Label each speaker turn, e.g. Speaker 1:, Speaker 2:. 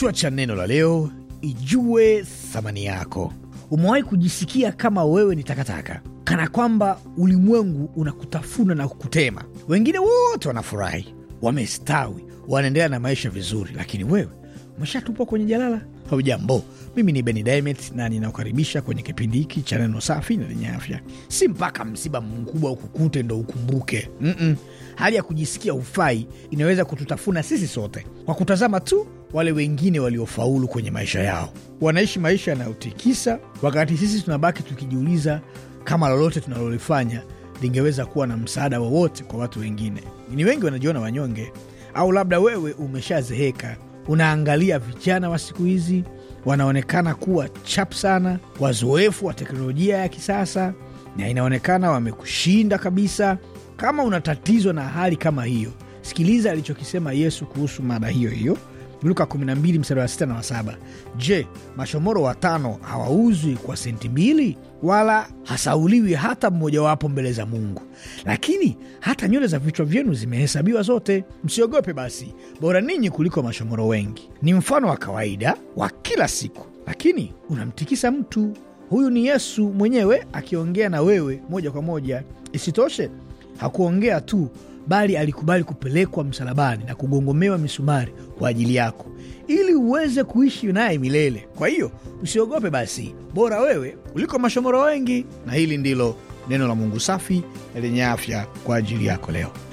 Speaker 1: Kichwa cha neno la leo: ijue thamani yako. Umewahi kujisikia kama wewe ni takataka, kana kwamba ulimwengu unakutafuna na kukutema? Wengine wote wanafurahi, wamestawi, wanaendelea na maisha vizuri, lakini wewe umeshatupwa kwenye jalala. Hujambo, mimi ni Beni Dimet na ninakukaribisha kwenye kipindi hiki cha neno safi na lenye afya. Si mpaka msiba mkubwa ukukute ndo ukumbuke. Mm -mm. Hali ya kujisikia ufai inaweza kututafuna sisi sote kwa kutazama tu wale wengine waliofaulu kwenye maisha yao. Wanaishi maisha yanayotikisa, wakati sisi tunabaki tukijiuliza kama lolote tunalolifanya lingeweza kuwa na msaada wowote kwa watu wengine. Ni wengi wanajiona wanyonge, au labda wewe umeshazeheka, unaangalia vijana wa siku hizi wanaonekana kuwa chap sana, wazoefu wa teknolojia ya kisasa, na inaonekana wamekushinda kabisa. Kama unatatizwa na hali kama hiyo, sikiliza alichokisema Yesu kuhusu mada hiyo hiyo Luka 12 mstari wa 6 na wa 7. Je, mashomoro watano hawauzwi kwa senti mbili? Wala hasauliwi hata mmojawapo mbele za Mungu. Lakini hata nywele za vichwa vyenu zimehesabiwa zote. Msiogope basi, bora ninyi kuliko mashomoro wengi. Ni mfano wa kawaida wa kila siku, lakini unamtikisa mtu. Huyu ni Yesu mwenyewe akiongea na wewe moja kwa moja. Isitoshe, hakuongea tu bali alikubali kupelekwa msalabani na kugongomewa misumari kwa ajili yako ili uweze kuishi naye milele. Kwa hiyo usiogope, basi bora wewe kuliko mashomoro wengi. Na hili ndilo neno la Mungu safi na lenye afya kwa ajili yako leo.